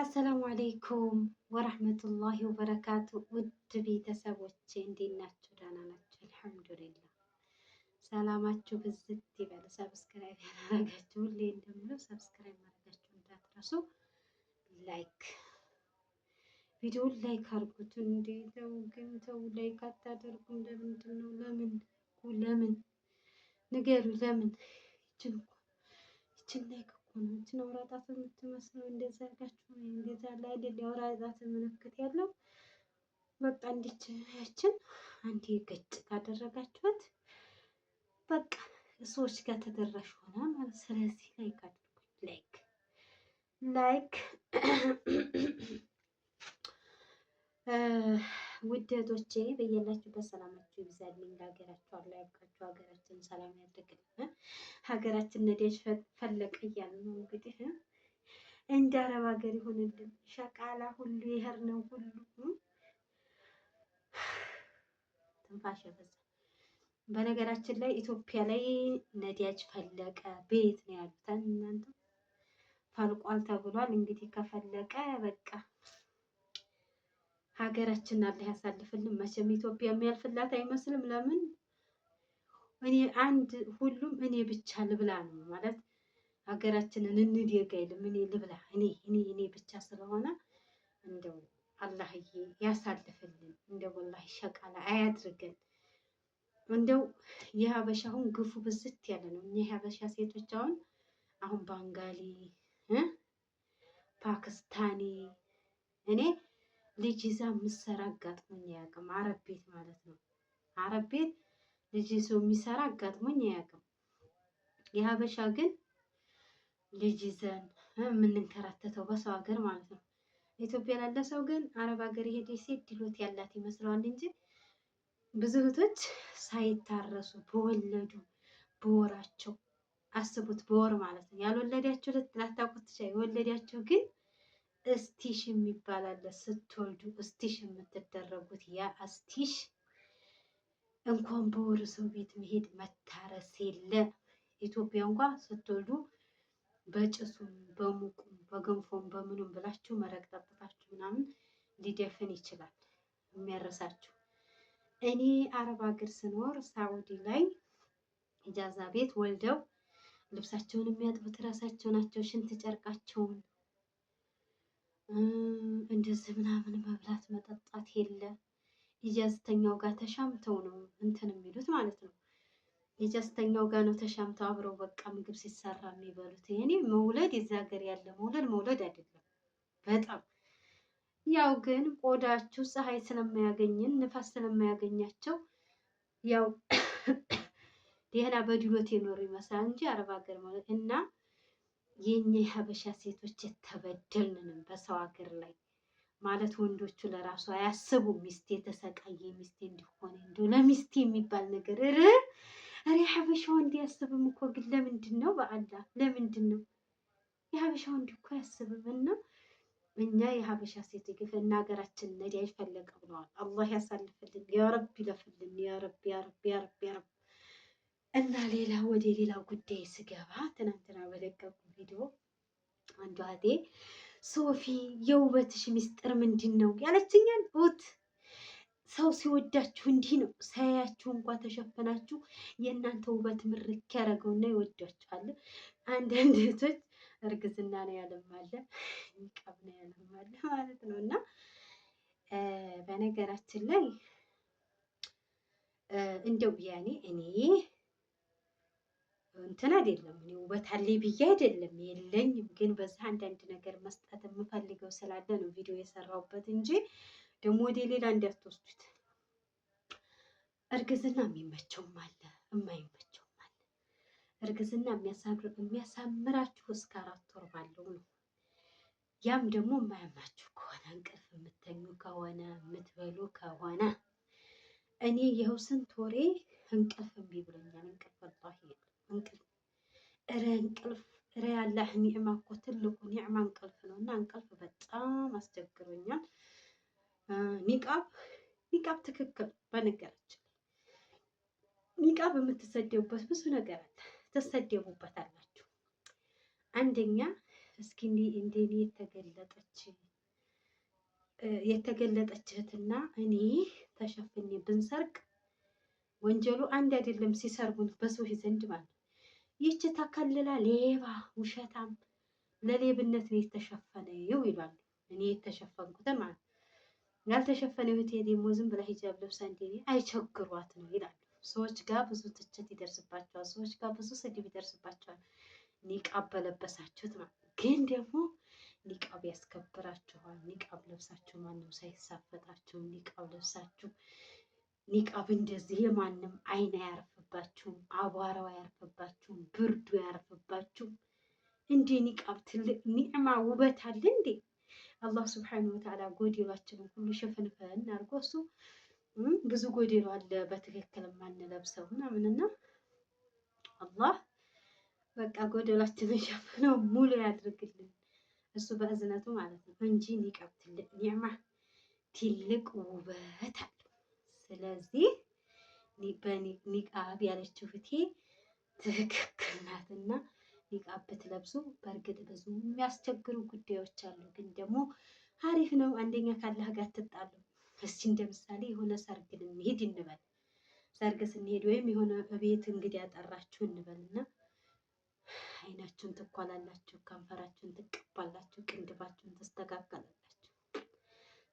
አሰላሙ አሌይኩም ወረህመቱላሂ ወበረካቱ። ውድ ቤተሰቦቼ እንዴት ናችሁ? ደህና ናችሁ? አልሐምዱሊላ። ሰላማችሁ ብዝት ይበል። ሰብስክራይብ ያላረጋችሁ ሁሌ እንደምለው ሰብስክራይብ ማድረጋችሁ እንዳትረሱ። ላይክ ቪዲዮውን ላይክ አድርጉት። እንዴ ተው ግን ተው፣ ላይክ አታደርጉም። ለምንድን ነው? ለምን ለምን ንገሩ፣ ለምን ይችን ይችን ላይክ ሆናችን አውራ ጣት የምትመስለው እንደዛ አድርጋችሁ እንደዛ አለ አይደል? የአውራ ጣት ምልክት ያለው በቃ እንዲች ያችን አንዴ ገጭ ካደረጋችሁት በቃ ሰዎች ጋር ተደራሽ ሆና ማለት። ስለዚህ ላይክ አድርጉት፣ ላይክ ላይክ ውደቶቼ እህቶቼ በየላችሁበት ሰላማችሁ ይብዛልኝ። ለሀገራችሁ አላ ያብቃችሁ። ሀገራችን ሰላም ያድርግልን። ሀገራችን ነዳጅ ፈለቀ እያሉ ነው እንግዲህ እንደ አረብ ሀገር ይሁንልን። ሸቃላ ሁሉ ይሄር ነው ሁሉ ትንፋሽ የበዛ በነገራችን ላይ ኢትዮጵያ ላይ ነዳጅ ፈለቀ ቤት ነው ያሉት እናንተ ፈልቋል ተብሏል። እንግዲህ ከፈለቀ በቃ ሀገራችን አላህ ያሳልፍልን። መቼም ኢትዮጵያ የሚያልፍላት አይመስልም። ለምን እኔ አንድ ሁሉም እኔ ብቻ ልብላ ነው ማለት ሀገራችንን እንድየጋ አይልም። እኔ ልብላ እኔ እኔ እኔ ብቻ ስለሆነ እንደው አላህዬ ያሳልፍልን። እንደው ወላሂ ሸቃላ አያድርገን። እንደው የሀበሻ አሁን ግፉ ብዝት ያለ ነው። እኛ የሀበሻ ሴቶች አሁን አሁን ባንጋሊ ፓኪስታኒ እኔ ልጅ ይዛ የምትሰራ አጋጥሞኝ አያውቅም። አረብ ቤት ማለት ነው። አረብ ቤት ልጅ ይዞ የሚሰራ አጋጥሞኝ አያውቅም። የሀበሻ ግን ልጅ ይዘን የምንንከራተተው በሰው ሀገር ማለት ነው። ኢትዮጵያ ላለ ሰው ግን አረብ ሀገር የሄደች ሴት ድሎት ያላት ይመስለዋል እንጂ ብዙ እህቶች ሳይታረሱ በወለዱ በወራቸው አስቡት፣ በወር ማለት ነው። ያልወለዳቸው ልታውቁት ትችላላችሁ። የወለዳቸው ግን እስቲሽ የሚባል አለ። ስትወልዱ እስቲሽ የምትደረጉት ያ እስቲሽ እንኳን በወር ሰው ቤት መሄድ መታረስ የለ። ኢትዮጵያ እንኳ ስትወልዱ በጭሱም በሙቁም በገንፎም በምኑም ብላችሁ መረቅ ጠጥታችሁ ምናምን ሊደፍን ይችላል የሚያረሳችሁ። እኔ አረብ ሀገር ስኖር ሳውዲ ላይ ኢጃዛ ቤት ወልደው ልብሳቸውን የሚያጥቡት ራሳቸው ናቸው። ሽንት ጨርቃቸውን እንደዚህ ምናምን መብላት መጠጣት የለ የጃዝተኛው ጋር ተሻምተው ነው እንትን የሚሉት ማለት ነው። የጃዝተኛው ጋር ነው ተሻምተው አብረው በቃ ምግብ ሲሰራ የሚበሉት። የኔ መውለድ የዛ ሀገር ያለ መውለድ መውለድ አይደለም በጣም ያው ግን ቆዳችሁ ፀሐይ ስለማያገኝን ንፋስ ስለማያገኛቸው ያው ደህና በድሎት የኖሩ ይመስላል እንጂ አረብ ሀገር ማለት እና የኛ የሀበሻ ሴቶች የተበደልንን በሰው ሀገር ላይ ማለት ወንዶቹ ለራሱ አያስቡ። ሚስቴ ተሰቃየ፣ ሚስቴ እንዲሆነ እንዲሁ ለሚስቴ የሚባል ነገር ር ሪ ሀበሻ ወንድ ያስብም እኮ ግን ለምንድን ነው በአላ ለምንድን ነው የሀበሻ ወንድ እኮ ያስብም። እና እኛ የሀበሻ ሴት ግፍ እና ሀገራችን ነዲ አይፈለቀው ብለዋል አላህ ያሳልፍልን፣ ያረብ ይለፍልን፣ ያረብ ያረብ ያረብ ያረብ እና ሌላ ወደ ሌላው ጉዳይ ስገባ ትናንትና በለቀቁ ቪዲዮ አንዷ እህቴ ሶፊ የውበትሽ ሚስጥር ምንድን ነው ያለችኛል ቦት ሰው ሲወዳችሁ እንዲህ ነው። ሳያችሁ እንኳ ተሸፈናችሁ የእናንተ ውበት ምርክ ያደረገውና ይወዳችኋል። አንዳንድ እህቶች እርግዝና ነው ያለማለ ቀብ ነው ያለማለ ማለት ነው። እና በነገራችን ላይ እንደው ያኔ እኔ እንትን አይደለም እኔ ውበት አለኝ ብዬ አይደለም የለኝም፣ ግን በዚህ አንዳንድ ነገር መስጠት የምፈልገው ስላለ ነው ቪዲዮ የሰራሁበት እንጂ ደግሞ ወደ ሌላ እንዳትወስዱት። እርግዝና የሚመቸውም አለ የማይመቸውም አለ። እርግዝና የሚያሳምራችሁ እስከ አራት ወር ባለው ነው። ያም ደግሞ የማያማችሁ ከሆነ እንቅልፍ የምተኙ ከሆነ የምትበሉ ከሆነ እኔ ይኸው ስንት ወሬ እንቅልፍ እምቢ ብሎኛል። እንቅልፍ እንቅልፍ ረ እንቅልፍ ረ ያላህ ኒዕማ እኮ ትልቁ ኒዕማ እንቅልፍ ነው። እና እንቅልፍ በጣም አስቸግሮኛል። ኒቃብ ኒቃብ ትክክል በነገራችን ኒቃብ የምትሰደቡበት ብዙ ነገር አለ፣ ትሰደቡበት አላችሁ። አንደኛ እስኪ እንደኔ የተገለጠች የተገለጠች እህትና እኔ ተሸፍኔ ብንሰርቅ ወንጀሉ አንድ አይደለም ሲሰርቡት በሰዎች ዘንድ ማለት ይህች ተከልላ ሌባ ውሸታም ለሌብነት ነው የተሸፈነው ይሏል። እኔ የተሸፈንኩትን ማለት ያልተሸፈነ እህቴ ደግሞ ዝም ብላ ሂጃብ ለብሳ እንዲህ አይቸግሯት ነው ይላል። ሰዎች ጋር ብዙ ትችት ይደርስባቸዋል። ሰዎች ጋር ብዙ ስድብ ይደርስባቸዋል። ኒቃብ በለበሳችሁት ማለት ግን ደግሞ ኒቃብ ያስከብራችኋል። ኒቃብ ለብሳችሁ ማንም ሳይሳፈጣችሁ ኒቃብ ለብሳችሁ ኒቃብ እንደዚህ የማንም አይን አያርፍባችሁም፣ አቧራው አያርፍባችሁም፣ ብርዱ አያርፍባችሁም። እንዴ ኒቃብ ትልቅ ኒዕማ ውበት አለ እንዴ! አላህ ስብሓነሁ ወተዓላ ጎዴሏችንን ሁሉ ሽፍንፍን አድርጎ እሱ ብዙ ጎዴሎ አለ በትክክል የማንለብሰው ምናምንና አላህ በቃ ጎደላችንን ሸፍነው ሙሉ ያድርግልን እሱ በእዝነቱ ማለት ነው እንጂ ኒቃብ ትልቅ ኒዕማ ትልቅ ውበት አለ። ስለዚህ ኒቃብ ያለችው እህቴ ትክክል ናት እና ኒቃብ ብትለብሱ በእርግጥ ብዙ የሚያስቸግሩ ጉዳዮች አሉ፣ ግን ደግሞ አሪፍ ነው። አንደኛ ካላህ ጋር ትጣሉ። እስኪ እንደምሳሌ የሆነ ሰርግ ልንሄድ እንበል፣ ሰርግ ስንሄድ ወይም የሆነ ቤት እንግዲህ ያጠራችሁ እንበል እና አይናችሁን ትኳላላችሁ፣ ከንፈራችሁን ትቀባላችሁ፣ ቅንድባችሁን ትስተካከላላችሁ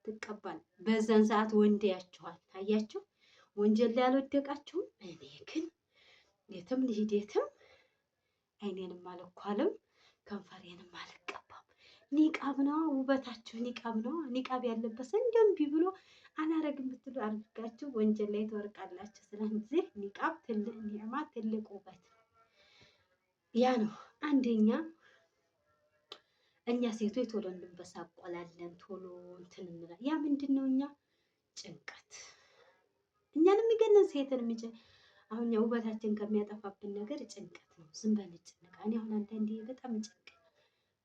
ትቀባል። በዛን ሰዓት ወንድ ያችኋል። ታያችሁ፣ ወንጀል ላይ አልወደቃችሁም። እኔ ግን የትም ልሂድ የትም አይኔንም አልኳልም ከንፈሬንም አልቀባም። ኒቃብ ነው ውበታችሁ፣ ኒቃብ ነው። ኒቃብ ያለበት እንዲያውም ብሎ አላረግም ብትሉ አድርጋችሁ ወንጀል ላይ ትወርቃላችሁ። ስለዚህ ኒቃብ ትልቅ ኒዕማ፣ ትልቅ ውበት ያ ነው አንደኛ እኛ ሴቶች ቶሎ እንበሳቆላለን፣ ቶሎ እንትን እንላ። ያ ምንድን ነው? እኛ ጭንቀት እኛን የሚገነን ሴትን የሚጭ አሁን ያ ውበታችን ከሚያጠፋብን ነገር ጭንቀት ነው። ዝም በል ጭንቀ እኔ አሁን አንዳንዴ በጣም ጭንቀት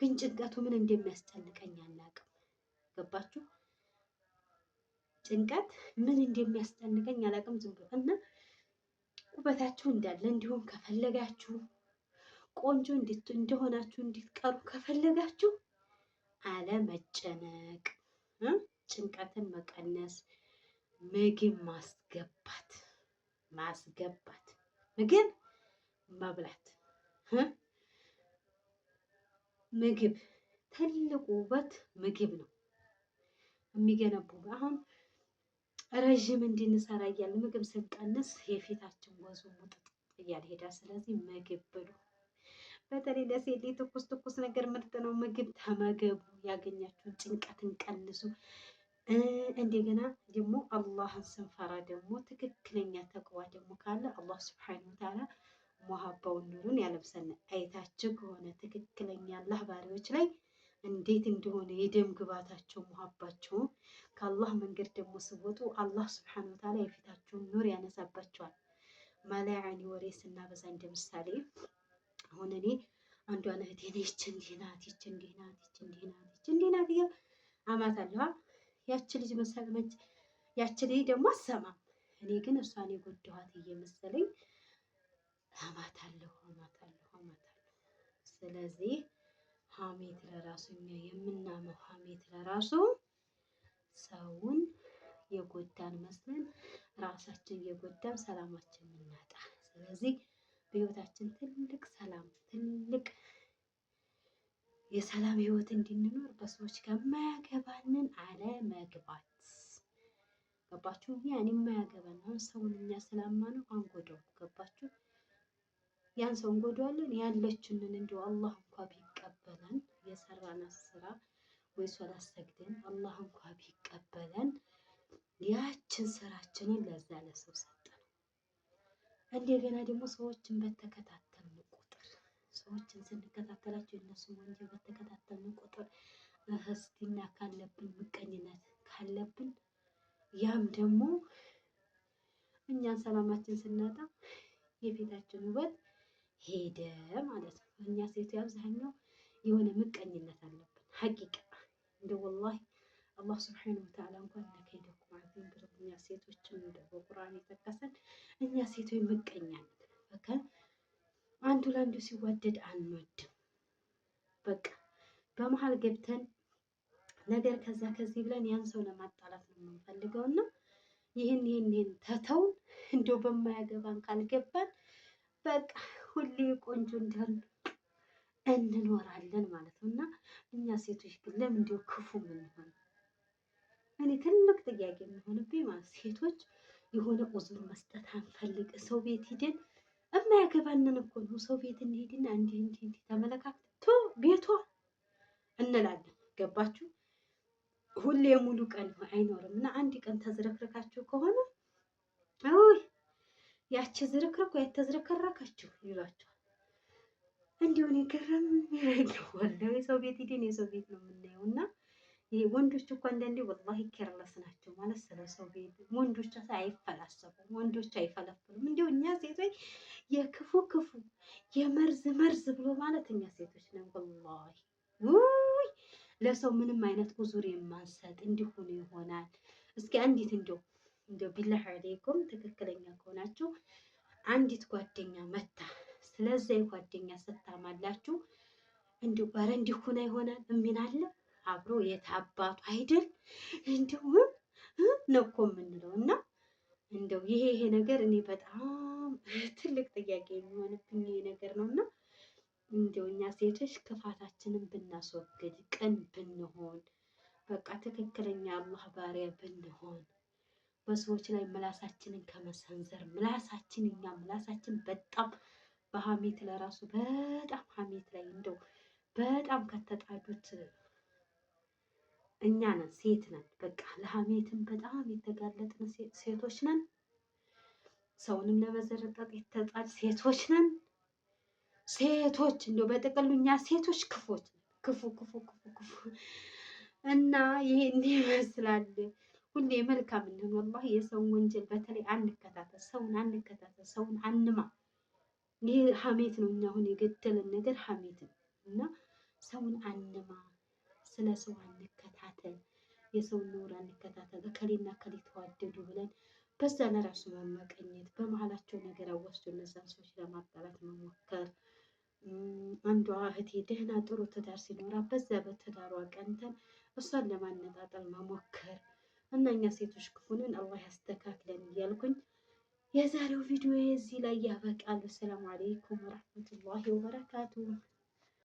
ግን ጭንቀቱ ምን እንደሚያስጨንቀኝ አናውቅም። ገባችሁ? ጭንቀት ምን እንደሚያስጨንቀኝ አላቅም። ዝም ብሎ እና ውበታችሁ እንዳለ እንዲሁም ከፈለጋችሁ ቆንጆ እንደሆናችሁ እንድትቀሩ ከፈለጋችሁ አለመጨነቅ፣ ጭንቀትን መቀነስ፣ ምግብ ማስገባት ማስገባት ምግብ መብላት ምግብ ትልቁ ውበት ምግብ ነው። የሚገነቡ አሁን ረዥም እንድንሰራ እያለ ምግብ ስንቀንስ የፊታችን ወዙ ሙጥጥ እያልሄዳ ስለዚህ ምግብ ብሉ። በተለይ ለሴት ትኩስ ትኩስ ነገር ምርጥ ነው። ምግብ ተመገቡ፣ ያገኛችሁን ጭንቀትን ቀንሱ። እንደገና ደግሞ አላህን ስንፈራ ደግሞ ትክክለኛ ተቅዋ ደግሞ ካለ አላህ ስብሓነሁ ወተዓላ መሀባውን ኑሩን ያለብሰናል። አይታችሁ ከሆነ ትክክለኛ አላህ ባሪዎች ላይ እንዴት እንደሆነ የደም ግባታቸው ሞሀባቸው ከአላህ መንገድ ደግሞ ስወጡ አላህ ስብሓነሁ ወተዓላ የፊታቸውን ኑር ያነሳባቸዋል። ማላያኒ ወሬ ስናበዛ እንደምሳሌ። አሁን እኔ አንዷን እህቴን ይች እንዲህ ናት፣ ይች እንዲህ ናት፣ ይች እንዲህ ናት፣ ይች እንዲህ ናት እያ አማታለሁ። ያቺ ልጅ መሰለች ያቺ ልጅ ደግሞ አሰማም። እኔ ግን እሷን የጎዳኋት እየመሰለኝ አማታለሁ፣ አማታለሁ፣ አማታለሁ። ስለዚህ ሀሜት ለራሱ እኛ የምናመው ሀሜት ለራሱ ሰውን የጎዳን መስለን ራሳችን የጎዳን ሰላማችን እናጣ። ስለዚህ በህይወታችን ትልቅ ሰላም ትልቅ የሰላም ህይወት እንድንኖር በሰዎች ከማያገባንን መግባት ገባችሁ? ያን የማያገባን አሁን ሰውን እኛ ስላማነው አንጎዳው። ገባችሁ? ያን ሰው እንጎዳዋለን። ያለችንን እንዲሁ አላህ እንኳ ቢቀበለን የሰራን ስራ ወይ ሶላት ሰግደን አላህ እንኳ ቢቀበለን ያችን ስራችንን ለዛ ለሰው እንደገና ደግሞ ሰዎችን በተከታተልን ቁጥር ሰዎችን ስንከታተላቸው የእነሱን ወንጀል በተከታተልን ቁጥር ህስድና ካለብን ምቀኝነት ካለብን ያም ደግሞ እኛን ሰላማችን ስናጣ የፊታችን ውበት ሄደ ማለት ነው። እኛ ሴት አብዛኛው የሆነ ምቀኝነት አለብን። ሀቂቃ እንደ ወላሂ አላህ ስብሓነሁ ወተዓላ እንኳን አለብን። ብዙ እኛ ሴቶችን በቁርአን የጠቀሰን እኛ ሴቶች ምቀኛ ነን። በቃ አንዱ ለአንዱ ሲወደድ አንወድም። በቃ በመሀል ገብተን ነገር ከዛ ከዚህ ብለን ያን ሰው ለማጣላት ነው የምንፈልገው እና ይህን ይህን ይህን ተተውን እንደው በማያገባን ካልገባን በቃ ሁሌ ቆንጆ እንዲሆን እንኖራለን ማለት ነው እና እኛ ሴቶች ግን ለምን እንደው ክፉ የምንሆነው? እኔ ትልቅ ጥያቄ የሚሆንብኝ ማለት ሴቶች የሆነ ኡዙር መስጠት አንፈልግ። ሰው ቤት ሂደን የማያገባንን እኮ ነው። ሰው ቤት እንሄድና እንዲህ እንዲህ እንዲህ ቶ ቤቷ እንላለን። ገባችሁ? ሁሌ ሙሉ ቀን አይኖርም እና አንድ ቀን ተዝረክረካችሁ ከሆነ ውይ ያቺ ዝርክርኩ ወይ ተዝረከረከችው ይሏቸዋል። እንዲሁን የገረም ነው የሰው ቤት ሂደን የሰው ቤት ነው የምናየው እና ይሄ ወንዶች እኮ አንዳንዴ ወላሂ ኬርለስ ናቸው ማለት ስለ ሰው ቤት ወንዶች አይፈላሰፉም፣ ወንዶች አይፈለፍሉም። እንዲሁ እኛ ሴቶች የክፉ ክፉ የመርዝ መርዝ ብሎ ማለት እኛ ሴቶች ነን። ወላሂ ውይ ለሰው ምንም አይነት ጉዙር የማንሰጥ እንዲሆኑ ይሆናል። እስኪ አንዲት እንዲያው እንዲያው ቢላህ አለይኩም ትክክለኛ ከሆናችሁ አንዲት ጓደኛ መታ ስለዚያ ጓደኛ ስታማላችሁ እንዲሁ ባረ እንዲሁና ይሆናል እሚናለ አብሮ የታባቱ አይደል እንደው ነው እኮ የምንለው እና እንደው ይሄ ይሄ ነገር እኔ በጣም ትልቅ ጥያቄ የሚሆንብኝ ይሄ ነገር ነው እና እንደው እኛ ሴቶች ክፋታችንን ብናስወግድ ቅን ብንሆን በቃ ትክክለኛ አላህ ባሪያ ብንሆን በሰዎች ላይ ምላሳችንን ከመሰንዘር ምላሳችን እኛ ምላሳችን በጣም በሀሜት ለራሱ በጣም ሀሜት ላይ እንደው በጣም ከተጣዱት እኛ ነን ሴት ነን፣ በቃ ለሀሜትም በጣም የተጋለጥን ሴቶች ነን። ሰውንም ለመዘረጠጥ የተጣል ሴቶች ነን። ሴቶች እንደው በጥቅሉ እኛ ሴቶች ክፎች ክፉ ክፉ ክፉ ክፉ እና እንዲህ ይመስላል። ሁሌ መልካም እንሆን። ወላሂ የሰውን ወንጀል በተለይ አንከታተል፣ ሰውን አንከታተል፣ ሰውን አንማ። ይህ ሀሜት ነው። እኛ አሁን የገደለን ነገር ሀሜት ነው እና ሰውን አንማ፣ ስለ ሰው አንከታተል። አንከታተል፣ የሰው ኑሮ አንከታተል፣ እከሌና እከሌ ተዋደዱ ብለን በዛ ለራሱ መመቀኘት፣ በመሀላቸው ነገር አዋስቶ እነዛን ሰዎች ለማጣላት መሞከር አንዷ እህቴ ደህና ጥሩ ትዳር ሲኖራ በዛ በትዳሯ ቀንተን እሷን ለማነጣጠል መሞከር እና እኛ ሴቶች ክፉንን አላህ ያስተካክለን እያልኩኝ የዛሬው ቪዲዮ እዚህ ላይ ያበቃል። ሰላም አለይኩም ወረሕመቱላሂ ወበረካቱ።